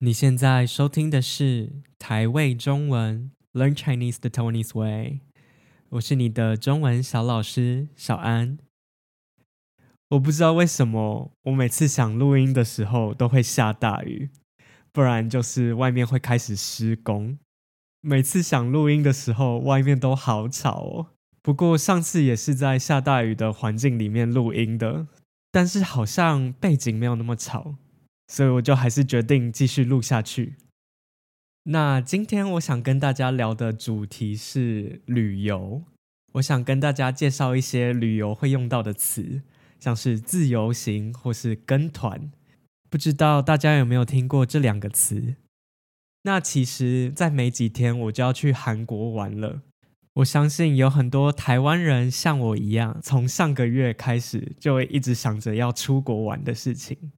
你現在收聽的是台味中文 Learn Chinese the Taiwanese Way，我是你的中文小老師小安。我不知道為什麼我每次想錄音的時候都會下大雨，不然就是外面會開始施工。每次想錄音的時候，外面都好吵哦。不過上次也是在下大雨的環境裡面錄音的，但是好像背景沒有那麼吵。所以我就還是決定繼續錄下去。那今天我想跟大家聊的主題是旅遊，我想跟大家介紹一些旅遊會用到的詞，像是自由行或是跟團，不知道大家有沒有聽過這兩個詞？那其實，在沒幾天我就要去韓國玩了。我相信有很多台灣人像我一樣，從上個月開始就會一直想着要出國玩的事情。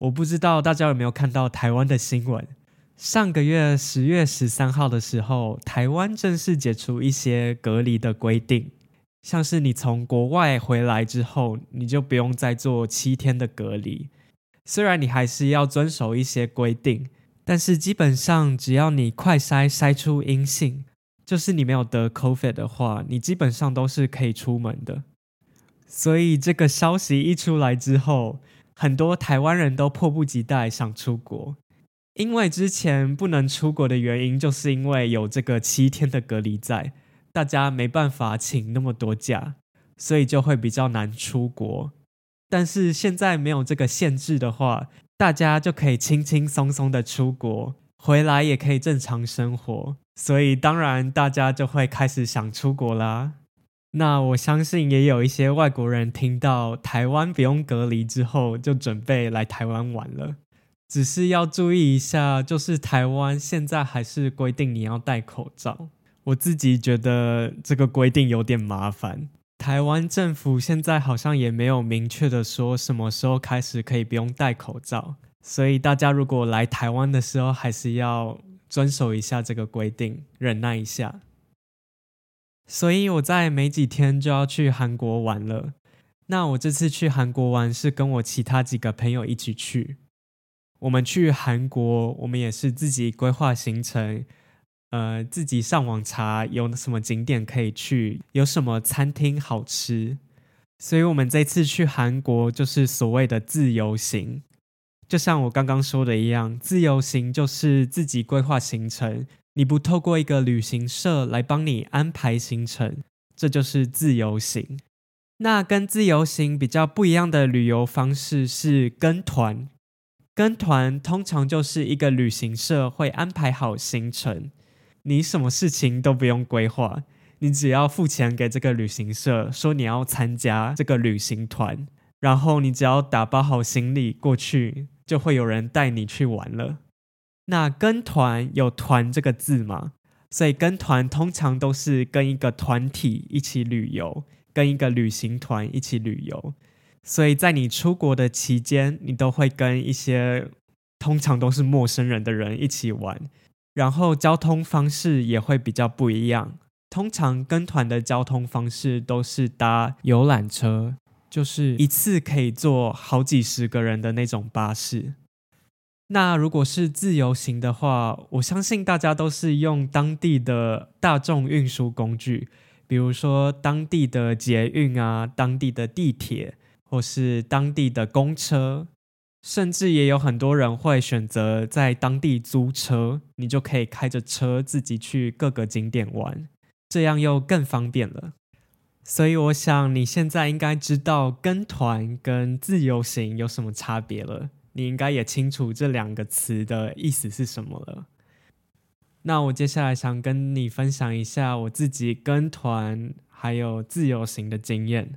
我不知道大家有沒有看到台灣的新聞？上個月十月十三號的時候，台灣正式解除一些隔離的規定，像是你從國外回來之後，你就不用再做七天的隔離。雖然你還是要遵守一些規定，但是基本上只要你快篩篩出陰性，就是你沒有得 COVID 的話，你基本上都是可以出門的。所以這個消息一出來之後，很多台灣人都迫不及待想出國，因為之前不能出國的原因，就是因為有這個七天的隔離在，大家沒辦法請那麼多假，所以就會比較難出國。但是現在沒有這個限制的話，大家就可以輕輕鬆鬆的出國，回來也可以正常生活，所以當然大家就會開始想出國啦。那我相信也有一些外國人聽到台灣不用隔離之後，就準備來台灣玩了。只是要注意一下，就是台灣現在還是規定你要戴口罩。我自己覺得這個規定有點麻煩。台灣政府現在好像也沒有明確的說什麼時候開始可以不用戴口罩，所以大家如果來台灣的時候，還是要遵守一下這個規定，忍耐一下。所以我再沒幾天就要去韓國玩了。那我這次去韓國玩是跟我其他幾個朋友一起去。我們去韓國，我們也是自己規劃行程，呃，自己上網查有什麼景點可以去，有什麼餐廳好吃。所以我們這次去韓國就是所謂的自由行，就像我剛剛說的一樣，自由行就是自己規劃行程。你不透過一個旅行社來幫你安排行程，這就是自由行。那跟自由行比較不一樣的旅遊方式是跟團。跟團通常就是一個旅行社會安排好行程，你什麼事情都不用規劃，你只要付錢給這個旅行社，說你要參加這個旅行團，然後你只要打包好行李過去，就會有人帶你去玩了。那跟團有“團”這個字嗎？所以跟團通常都是跟一個團體一起旅遊，跟一個旅行團一起旅遊。所以在你出國的期間，你都會跟一些通常都是陌生人的人一起玩，然後交通方式也會比較不一樣。通常跟團的交通方式都是搭遊覽車，就是一次可以坐好幾十個人的那種巴士。那如果是自由行的話，我相信大家都是用當地的大眾運輸工具，比如說當地的捷運啊、當地的地鐵，或是當地的公車，甚至也有很多人會選擇在當地租車，你就可以開着車自己去各個景點玩，這樣又更方便了。所以我想你現在應該知道跟團跟自由行有什麼差別了。你應該也清楚這兩個詞的意思是什麼了。那我接下來想跟你分享一下我自己跟團還有自由行的經驗。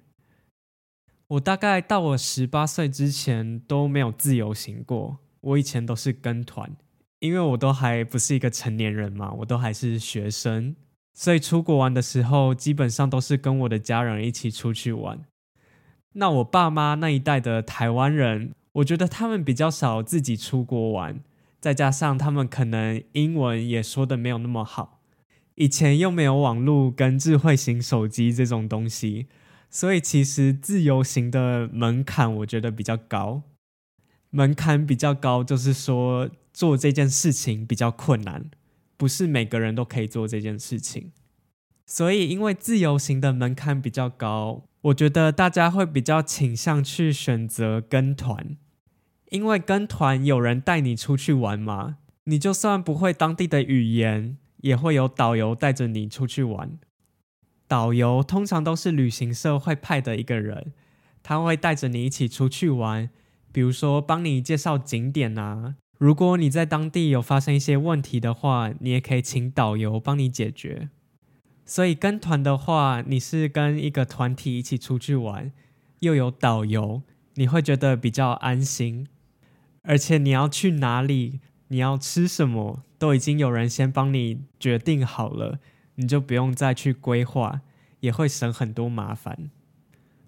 我大概到我十八歲之前都沒有自由行過，我以前都是跟團，因為我都還不是一個成年人嘛，我都還是學生，所以出國玩的時候基本上都是跟我的家人一起出去玩。那我爸媽那一代的台灣人。我覺得他們比較少自己出國玩，再加上他們可能英文也說得沒有那麼好，以前又沒有網絡跟智慧型手機這種東西，所以其實自由行的門檻我覺得比較高。門檻比較高就是說做這件事情比較困難，不是每個人都可以做這件事情，所以因為自由行的門檻比較高，我覺得大家會比較傾向去選擇跟團。因為跟團有人帶你出去玩嘛，你就算不會當地的語言，也會有導遊帶着你出去玩。導遊通常都是旅行社會派的一個人，他會帶着你一起出去玩，比如說幫你介紹景點啊。如果你在當地有發生一些問題的話，你也可以請導遊幫你解決。所以跟團的話，你是跟一個團體一起出去玩，又有導遊，你會覺得比較安心。而且你要去哪裡，你要吃什麼，都已經有人先幫你決定好了，你就不用再去規劃，也會省很多麻煩。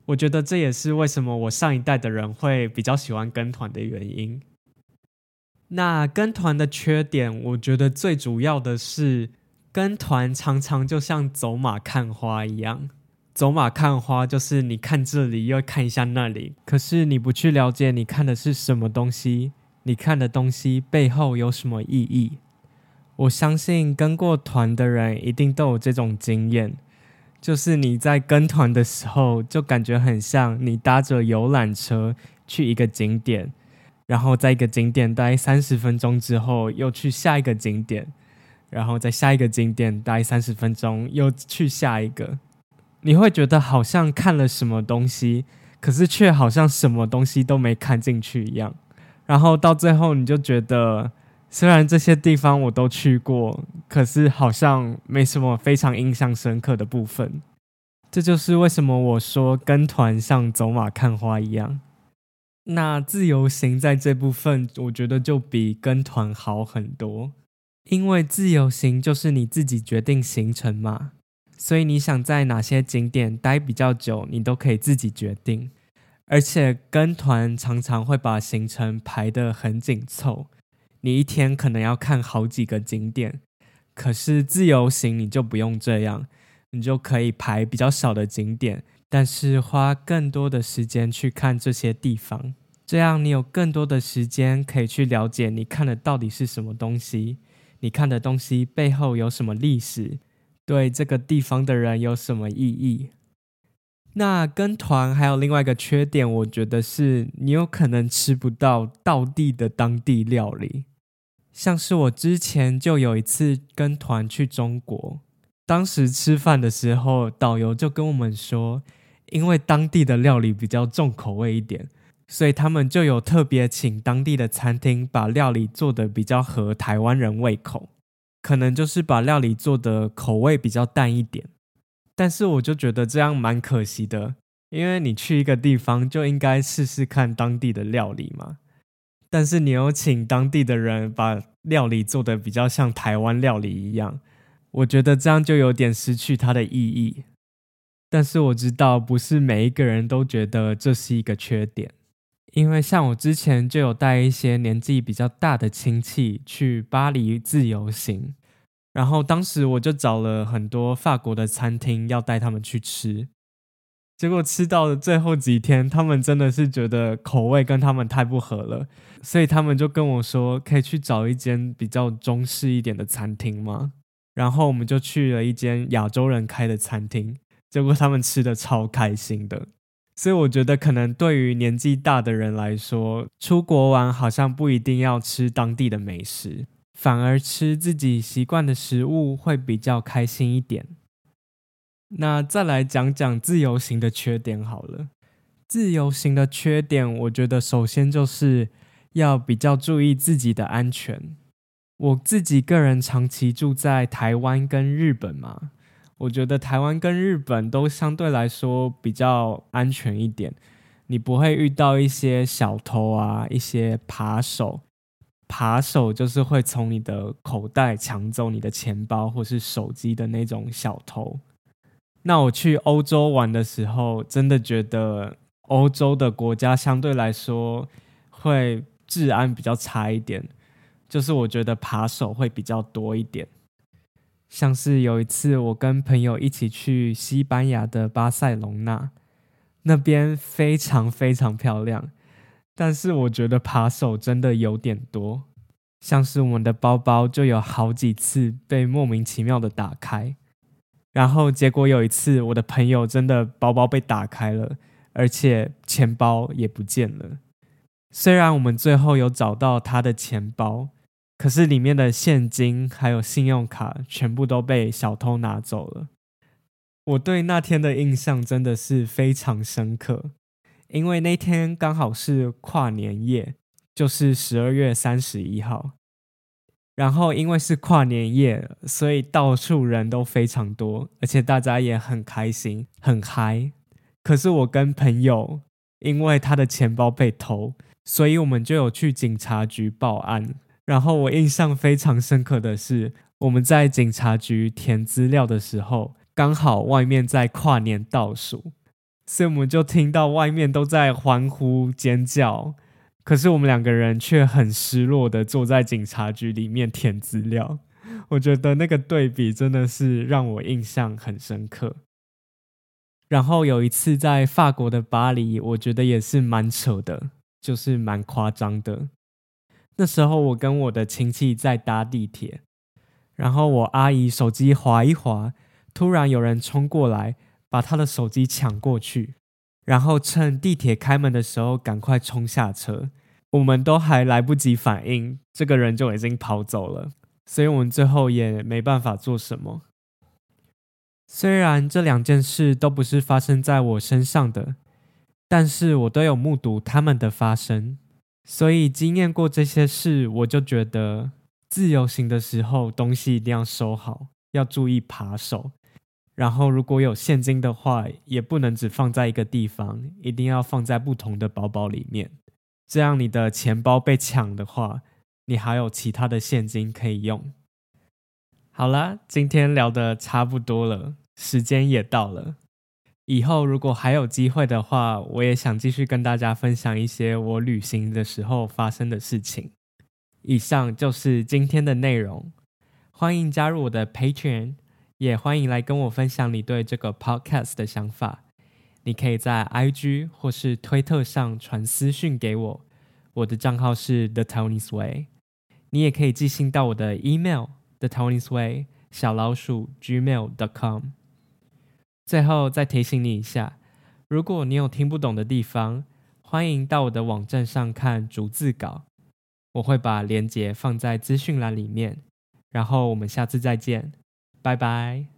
我覺得這也是為什麼我上一代的人會比較喜歡跟團的原因。那跟團的缺點，我覺得最主要的是，跟團常常就像走馬看花一樣。走馬看花就是你看這裡，又看一下那裡，可是你不去了解你看的是什麼東西，你看的東西背後有什麼意義？我相信跟過團的人一定都有這種經驗，就是你在跟團的時候，就感覺很像你搭着遊覽車去一個景點，然後在一個景點待三十分鐘之後，又去下一個景點，然後在下一個景點待三十分鐘，又去下一個。你會覺得好像看了什麼東西，可是卻好像什麼東西都沒看進去一樣。然後到最後，你就覺得雖然這些地方我都去過，可是好像沒什麼非常印象深刻的部分。這就是為什麼我說跟團像走馬看花一樣。那自由行在這部分，我覺得就比跟團好很多，因為自由行就是你自己決定行程嘛。所以你想在哪些景點待比較久，你都可以自己決定。而且跟團常常會把行程排得很緊湊，你一天可能要看好幾個景點。可是自由行你就不用這樣，你就可以排比較少的景點，但是花更多的時間去看這些地方。這樣你有更多的時間可以去了解你看的到底是什麼東西，你看的東西背後有什麼歷史，對這個地方的人有什麼意義？那跟團還有另外一個缺點，我覺得是你有可能吃不到道地的當地料理。像是我之前就有一次跟團去中國，當時吃飯的時候，導遊就跟我們說，因為當地的料理比較重口味一點，所以他們就有特別請當地的餐廳把料理做得比較合台灣人胃口。可能就是把料理做的口味比較淡一點，但是我就覺得這樣蠻可惜的，因為你去一個地方就應該試試看當地的料理嘛。但是你有請當地的人把料理做得比較像台灣料理一樣，我覺得這樣就有點失去它的意義。但是我知道不是每一個人都覺得這是一個缺點。因為像我之前就有帶一些年紀比較大的親戚去巴黎自由行，然後當時我就找了很多法國的餐廳要帶他們去吃，結果吃到的最後幾天，他們真的是覺得口味跟他們太不合了，所以他們就跟我說，可以去找一間比較中式一點的餐廳嗎？然後我們就去了一間亞洲人開的餐廳，結果他們吃得超開心的。所以我覺得，可能對於年紀大的人來說，出國玩好像不一定要吃當地的美食，反而吃自己習慣的食物會比較開心一點。那再來講講自由行的缺點好了。自由行的缺點，我覺得首先就是要比較注意自己的安全。我自己個人長期住在台灣跟日本嘛。我覺得台灣跟日本都相對來說比較安全一點，你不會遇到一些小偷啊，一些扒手。扒手就是會從你的口袋搶走你的錢包或是手機的那種小偷。那我去歐洲玩的時候，真的覺得歐洲的國家相對來說會治安比較差一點，就是我覺得扒手會比較多一點。像是有一次，我跟朋友一起去西班牙的巴塞隆納，那邊非常非常漂亮，但是我覺得扒手真的有點多。像是我們的包包就有好幾次被莫名其妙地打開，然後結果有一次，我的朋友真的包包被打開了，而且錢包也不見了。雖然我們最後有找到他的錢包。可是裡面的現金還有信用卡全部都被小偷拿走了。我對那天的印象真的是非常深刻，因為那天剛好是跨年夜，就是十二月三十一號。然後因為是跨年夜，所以到處人都非常多，而且大家也很開心，很嗨。可是我跟朋友因為他的錢包被偷，所以我們就有去警察局報案。然後我印象非常深刻的是，我們在警察局填資料的時候，剛好外面在跨年倒數，所以我們就聽到外面都在歡呼尖叫，可是我們兩個人卻很失落的坐在警察局裡面填資料。我覺得那個對比真的是讓我印象很深刻。然後有一次在法國的巴黎，我覺得也是蠻扯的，就是蠻誇張的。那時候我跟我的親戚在搭地鐵，然後我阿姨手機滑一滑，突然有人衝過來把她的手機搶過去，然後趁地鐵開門的時候趕快衝下車，我們都還來不及反應，這個人就已經跑走了，所以我們最後也沒辦法做什麼。雖然這兩件事都不是發生在我身上的，但是我都有目睹他們的發生。所以，經驗過這些事，我就覺得自由行的時候，東西一定要收好，要注意扒手。然後，如果有現金的話，也不能只放在一個地方，一定要放在不同的包包裡面。這樣，你的錢包被搶的話，你還有其他的現金可以用。好啦，今天聊的差不多了，時間也到了。以後如果還有機會的話，我也想繼續跟大家分享一些我旅行的時候發生的事情。以上就是今天的內容。歡迎加入我的 Patreon，也歡迎來跟我分享你對這個 podcast 的想法。你可以在 IG 或是推特上傳私訊給我，我的賬號是 The Taiwanese Way。你也可以寄信到我的 email thetaiwaneseway 小老鼠 gmail.com。最後再提醒你一下，如果你有聽不懂的地方，歡迎到我的網站上看逐字稿，我會把連結放在資訊欄裡面。然後我們下次再見，拜拜。